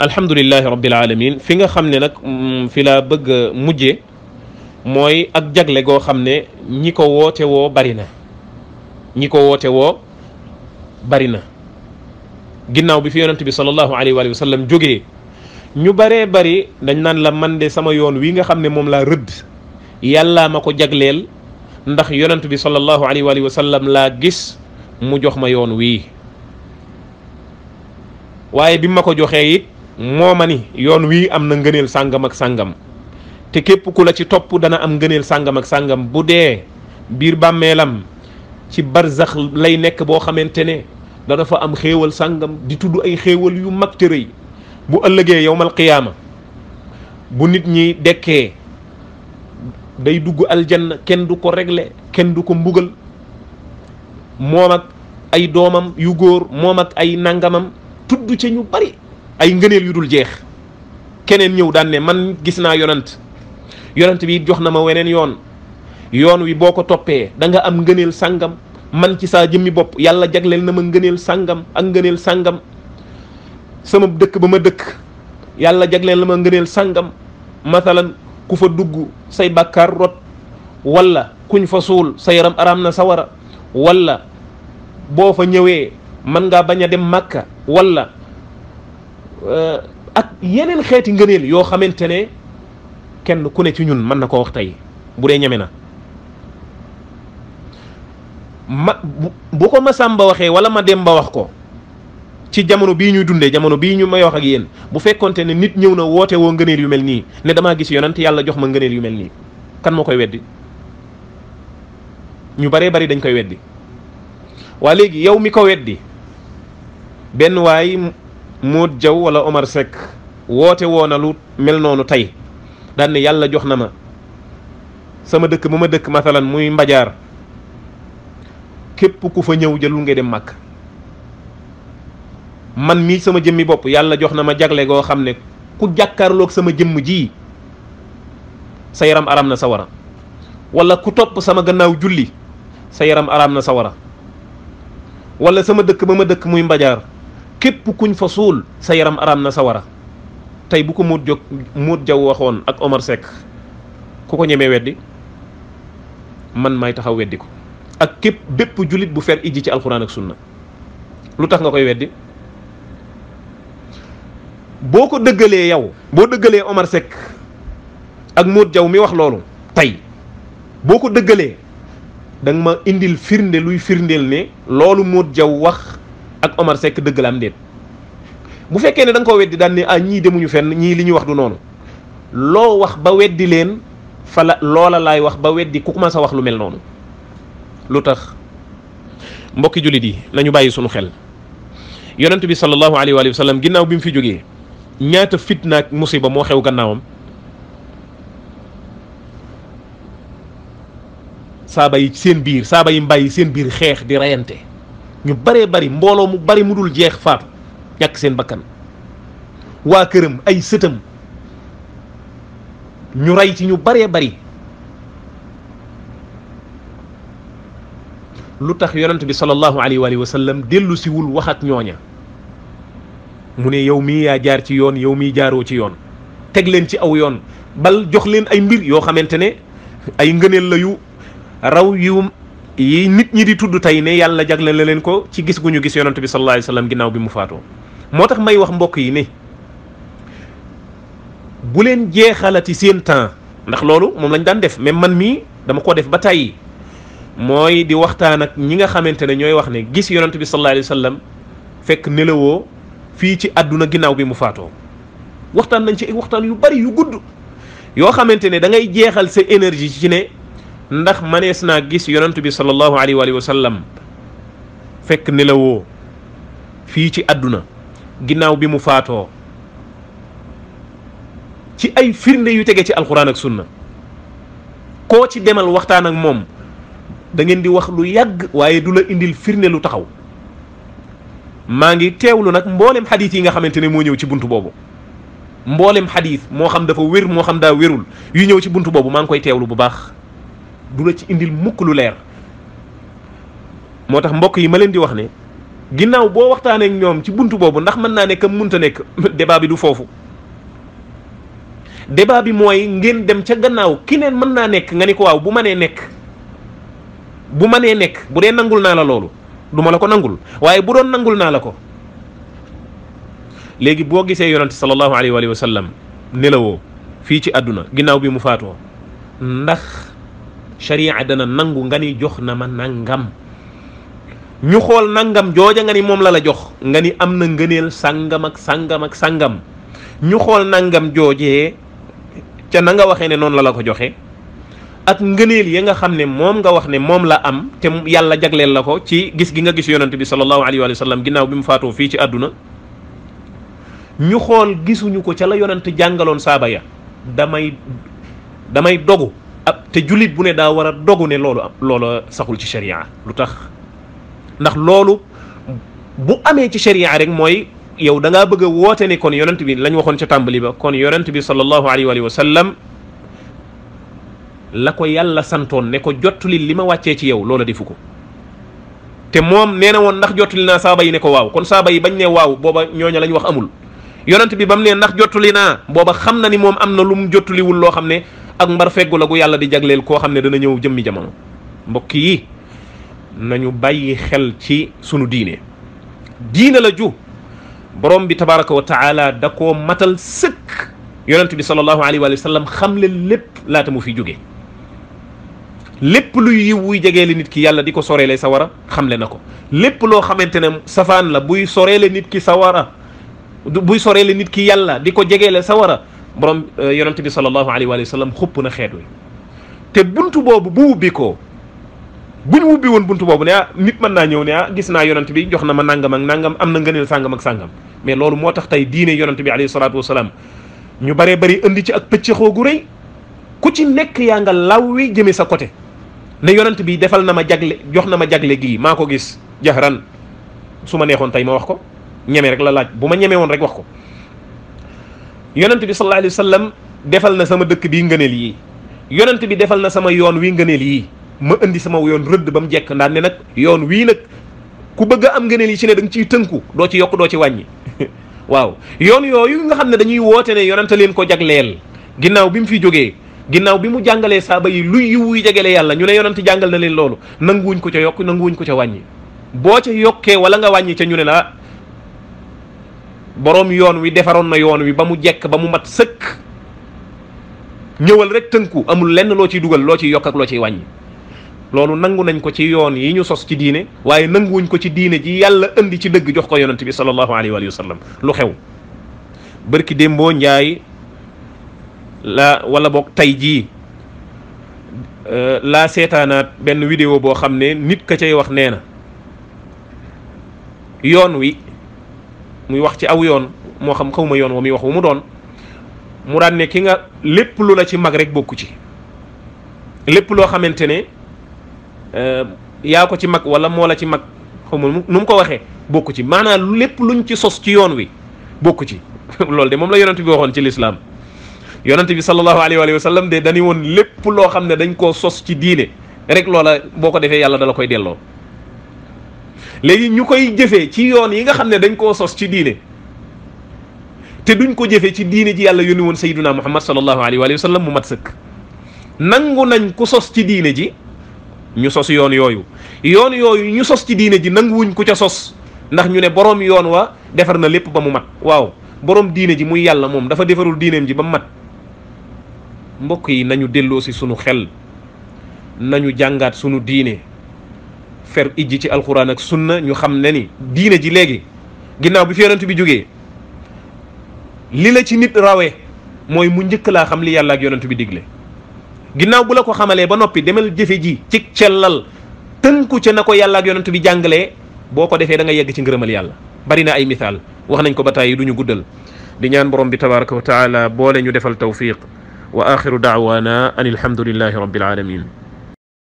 alhamdulillah rabbil alamin fi nga xam ne nag fi laa bëgg mujje mooy ak jagle goo xam ne ñi ko woote woo bari na ñi ko bi fi yonent bi sallallahu alayhi wa sallam jógee ñu baree bari dañ naan la man de sama yoon wi nga xam ne moom rëdd yàllaa ma ko ndax yonent bi sallallahu alayhi wa sallam laa gis mu jox ma yoon wii waaye bi ma ko joxee it moo ma ni yoon wii am na ngëneel sàngam ak sàngam te képp ku la ci topp dana am ngëneel sàngam ak sàngam bu dee biir bàmmeelam ci barzax lay nekk boo xamante ne dana am xéewal sàngam di tudd ay xéewal yu mag te bu ëllëgee yowmal qiyaama bu nit ñi dekkee day dugg aljan kenn du ko régler kenn du ko mbugal moom ak ay doomam yu góor moom ak ay nangamam tudd ci ñu bari ay ngëneel yu dul jeex keneen ñëw daan ne man gis naa yonant yonant bi jox na ma weneen yoon yoon wi boo ko toppee da nga am ngëneel sàngam man ci saa jëmmi bopp yàlla jagleel na ma ngëneel sàngam ak ngëneel sàngam sama dëkk ba ma dëkk yàlla jagleel na ma ngëneel sàngam mathalan ku fa dugg say bàkkaar rot wala kuñ fa suul sa yaram araam na sawara walla boo fa ñëwee man ngaa bañ a dem màkka wala euh, ak yeneen xeeti ngëneel yoo xamante ne kenn ku ne ci ñun mën na koo wax tey bu dee ñeme na ma bu ko ma Samba waxee wala ma dem ba wax ko ci jamono bii ñuy dundee jamono bii ñu may wax ak yéen bu fekkonte ne nit ñëw na woote woo ngëneel yu mel nii ne damaa gis yonent yàlla jox ma ngëneel yu mel nii kan moo koy weddi ñu baree bari dañ koy weddi waa léegi yow mi ko weddi benn waay Mood Jaw wala Omar Seck woote woona lu mel noonu tey daan yàlla jox na ma sama dëkk ba ma dëkk mathalan muy mbajaar képp ku fa ñëw lu nga dem mag man mii sama jëmmi bopp yàlla jox na ma jagle goo xam ne ku jàkkaarloog sama jëmm ji sa yaram aram na sawara walla ku topp sama gannaaw julli sa yaram aram na sawara wala sama dëkk ba ma dëkk muy mbajaar képp kuñ fasuul sa yaram araam na sa wara tey bu ko muut jóg muut jaw waxoon ak Omar Seck ku ko ñemee weddi man may taxaw weddi ko ak képp dépp jullit bu fer ijji ci alxuraan ak sunna lu tax nga koy weddi boo ko dëggalee yow boo dëggalee Omar Seck ak muut jaw mi wax loolu tey boo ko dëggalee danga ma indil firnde luy firndeel ne loolu moot jaw wax ak Omar sek deug lam deet bu fekke ne dang ko koo weddi daan ne ah ñii demuñu fenn ñi li ñu wax du non lo wax ba weddi len fa la loola laay wax ba weddi ku sa wax lu mel noonu lutax tax mbokki jullit yi nañu bàyyi xel yaronte bi sallallahu alaihi wa sallam ginnaw bi mu fi joge ñaata fitna ak musiba mo xew gannaawam saaba yi seen biir saaba yi mbàyyi seen di rayante ñu baree bari mbolo mu bari mu dul jeex faatu ñàkk seen bakkan wa këram ay sëtam ñu ray ci ñu baree bari lutax yaronte bi sallallahu alayhi wa sallam dellu siwul wax ak ñoña mu ne yow mi ya jaar ci yoon yow mi jaaro ci yoon teg leen ci aw yoon bal jox leen ay mbir yo xamantene ay ngeenel la yu raw yu yi nit ñi di tudd tey ne yàlla jagle la leen ko ci gis gu ñu gis yonent bi sallallahu alayhi wa sallam ginnaaw bi mu faatoo moo tax may wax mbokk yi ni bu leen jeexalati seen temps ndax loolu moom lañ daan def même man mii dama ko def ba tàyyi mooy di waxtaan ak ñi nga xamante ne ñooy wax ne gis yonent bi sallallahu alayhi wa fekk nelawoo fii ci àdduna ginnaaw bi mu faatoo waxtaan nañ ci ay waxtaan yu bari yu gudd yoo xamante ne da jeexal sa énergie ci ne ndax manees naa gis yonantu bi sallallahu alayhi wa sallam fekk nelawoo fii ci àdduna ginnaaw bi mu faatoo ci ay firnde yu tege ci alquran ak sunna koo ci demal waxtaan ak moom da ngeen di wax lu yàgg waaye du la indil firnde lu taxaw maa ngi teewlu nag mboolem xadiis yi nga xamante ne moo ñëw ci buntu boobu mboolem xadiis moo xam dafa wér moo xam daa wérul yu ñëw ci buntu boobu maa ngi koy teewlu bu baax du la ci indil mukk lu leer moo tax mbokk yi ma leen di wax ne ginnaaw boo waxtaanee ñoom ci bunt boobu ndax mën naa ne kam munta nekk débat bi du foofu débat bi mooy ngeen dem ca gannaaw ki neen mën naa nekk nga ni ko waaw bu ma nee nekk bu ma nekk bu dee nangul naa la loolu du ma la ko nangul waaye bu doon nangul naa la ko léegi boo gisee yonante sallallahu alayhi wa sallam nelawoo fii ci àdduna ginnaaw bi mu faatoo ndax sharia dana nangu nga ni jox na ma nangam ñu xool nangam jooja nga ni moom la la jox nga ni am na ngëneel sàngam ak sàngam ak sàngam ñu xool nangam jooje ca na nga waxee ne noonu la la ko joxe ak ngëneel ya nga xam ne moom nga wax ne moom la am te yàlla jagleel la ko ci gis gi nga gis yonante bi sallallahu alayhi wa sallam ginnaaw bi mu faatoo fii ci àdduna ñu xool gisuñu ko ca la yonante jàngaloon saaba ya damay damay dogu ab te julit bu ne daa war a dogu ne loolu am loola saxul ci sharia lu tax ndax loolu bu amee ci sharia rek mooy yow da ngaa bëgg a woote ne kon yonent bi lañu waxoon ci tàmbali ba kon yonent bi sallallahu alayhi wa sallam la ko yàlla santoon ne ko jottuli li ma wàccee ci yow loola defu ko te moom nee na woon ndax jottuli naa saaba yi ne ko waaw kon saaba yi bañ ne waaw booba ñooña lañ wax amul yonent bi ba ne ndax jottuli naa booba xam na ni moom am na lu mu jottuliwul loo xam ne ak mbar feggu la gu yàlla di jaglel ko xamne dana ñëw jëmmi jamono mbokk yi nañu bàyyi xel ci sunu diine diine la ju borom bi tabaaraku wa taala da matal sëkk yaronte bi sallallahu alayhi wa sallam xam leen lépp laata mu fi jóge lépp lu yiw wuy nit ki yàlla diko sorele sawara xamle na lépp lo xamantene safan la buy sorele nit ki sawara buy sorele nit ki yàlla diko ko sawara borom euh, yonent bi sallallahu alayhi wa sallam xupp na xeet wi te bunt boobu bu wubbi ko buñ wubbi woon buntu boobu ne ah nit mën naa ñëw ne ah gis naa yonent bi jox na ma nangam ak nangam am na ngëneel sàngam ak sàngam mais loolu moo tax tey diine yonent bi alayhi salaatu wasalaam ñu baree bari indi ci ak pëccëxoo gu rëy ku ci nekk yaa nga lawwi jëme sa côté ne yonent bi defal na ma jagle jox na ma jagle gii maa ko gis jahran su ma neexoon tey ma wax ko ñeme rek la laaj bu ma ñeme woon rek wax ko yonent bi sallallahu alayhi wa sallam defal na sama dëkk bii ngëneel yii yonent bi defal na sama yoon wi ngëneel yii ma indi sama yoon rëdd ba mu jekk ndaan ne nag yoon wii nag ku bëgg a am ngëneel yi ci ne danga ciy tënku doo ci yokk doo ci wàññi waaw yoon yooyu nga xam ne dañuy woote ne yonent leen ko jagleel ginnaaw bi mu fi jógee ginnaaw bi mu jàngalee saaba yi luy yiwuy jegele yàlla ñu ne yonent jàngal na leen loolu nanguwuñ ko ca yokk nanguwuñ ko ca wàññi boo ca yokkee wala nga ca ñu ne la boroom yoon wi defaroon na yoon wi ba mu jekk ba mu mat sëkk ñëwal rek tënku amul lenn loo ciy dugal loo ciy yokk ak loo ciy wàññi loolu nangu nañ ko ci yoon yi ñu sos ci diine waaye nanguwuñ ko ci diine ji yàlla indi ci dëgg jox ko yonent bi sallallahu alayhi wa sallam lu xew bërki démboo njaay la walla boog tey jii euh, laa seetaanaat benn vidéo boo xam ne nit ka cay wax nee na yoon wi muy wax ci aw yoon moo xam ma yoon wa muy wax wu mu doon mu daan ne ki nga lépp lu la ci mag rek bokku ci lépp loo xamante ne euh, yaa ko ci mag wala moo la ci mag xawma nu mu ko waxee bokk ci maanaam lépp lu ñu ci sos ci yoon wi bokk ci loolu de moom la yonent bi waxoon ci lislaam yonent bi sallallahu alayhi wa sallam de dañu woon lépp loo xam ne dañ koo sos ci diine rek loola boo ko defee yàlla dala koy delloo léegi ñu koy jëfee ci yoon yi nga xam ne dañ koo sos ci diine te duñ ko jëfe ci diine ji yàlla yónni woon sayyiduna muhammad sallallahu alayhi wa sallam mu mat sëkk nangu nañ ku sos ci diine ji ñu sos yoon yooyu yoon yooyu ñu sos ci diine ji nanguwuñ ku ca sos ndax ñu ne boroom yoon wa defar na lépp ba mu mat waaw boroom diine ji muy yàlla moom dafa defarul diineem ji ba mat mbokk yi nañu delloo si sunu xel nañu jàngaat sunu diine fer ijji ci alxuraan ak sunna ñu xam ne ni diine ji léegi ginnaaw bi fi yonent bi jógee li la ci nit rawee mooy mu njëkk laa xam li yàlla ak yonent bi digle ginnaaw bu la ko xamalee ba noppi demal jëfe ji ci cellal tënku ca na ko yàlla ak yonent bi jàngalee boo ko defee danga yegg ci ngërëmal yàlla bari na ay misaal wax nañ ko ba tàyyi du ñu guddal di ñaan borom bi tabaraka wa taala boole ñu defal tawfiq wa axiru daawaana an alhamdulillahi rabbil alamin